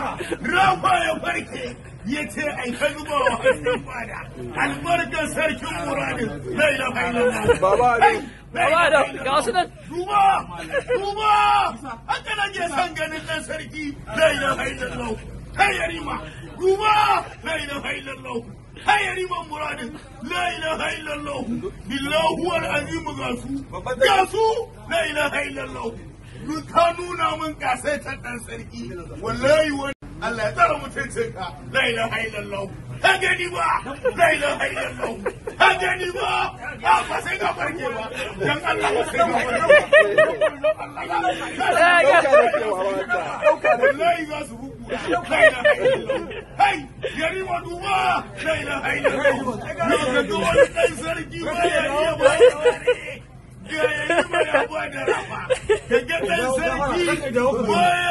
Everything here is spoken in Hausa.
Rafa ya farke ya ce ai ka zuba wa hannun fada albarkar sarkin muradin zai da bai da baba da ga su nan duba duba haka na ke son ganin dan sarki zai da bai da lau kai ya rima duba zai da bai da lau kai ya rima muradin la ilaha illallah billahu al azim ga su ga su la ilaha illallah ka nuna min ta dan sarki wallahi wani Allah ya tsara mutuncin ka la ilaha illallah ka gani ba la ilaha illallah ka gani ba ba ba sai ka barke ba dan Allah ba sai ka barke wallahi za su buku hai gari wa duwa la ilaha illallah ka ga wani sarki ba ya iya ba find that Get that city